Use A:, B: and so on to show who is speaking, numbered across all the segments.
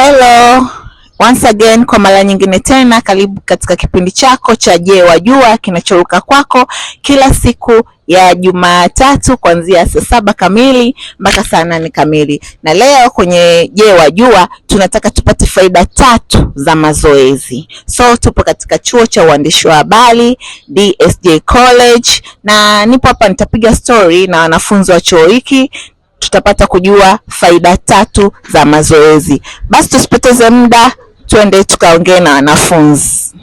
A: Hello once again, kwa mara nyingine tena, karibu katika kipindi chako cha Je, wajua kinachoruka kwako kila siku ya Jumatatu kuanzia saa saba kamili mpaka saa nane kamili. Na leo kwenye Je, wajua tunataka tupate faida tatu za mazoezi. So tupo katika chuo cha uandishi wa habari DSJ College, na nipo hapa nitapiga story na wanafunzi wa chuo hiki tutapata kujua faida tatu za mazoezi. Basi tusipoteze muda, twende tukaongee na wanafunzi.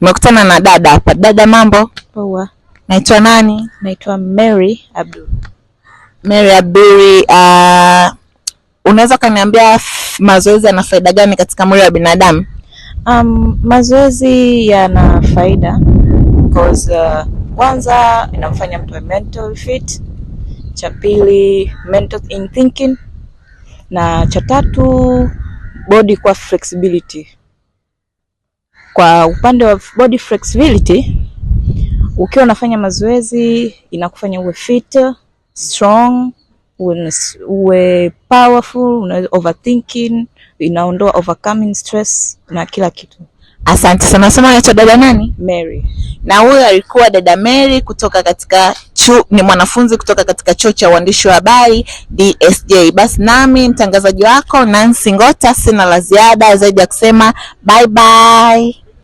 A: Nimekutana na dada hapa. Dada, mambo? Poa. Naitwa nani?
B: Naitwa Mary Abdul.
A: Mary Abdul, uh, unaweza ukaniambia mazoezi yana faida gani katika mwili wa binadamu?
B: Um, mazoezi yana faida because uh, kwanza inamfanya mtu mental fit, cha pili mental in thinking, na cha tatu body kwa flexibility. Kwa upande wa body flexibility, ukiwa unafanya mazoezi inakufanya uwe fit, strong, uwe powerful, una overthinking, inaondoa overcoming stress na kila kitu.
A: Asante sana. Sema anaitwa dada nani? Mary. Na huyo alikuwa dada Mary kutoka katika chu, ni mwanafunzi kutoka katika chuo cha uandishi wa habari DSJ. Basi nami mtangazaji wako Nancy Ngota, sina la ziada zaidi ya kusema bye bye.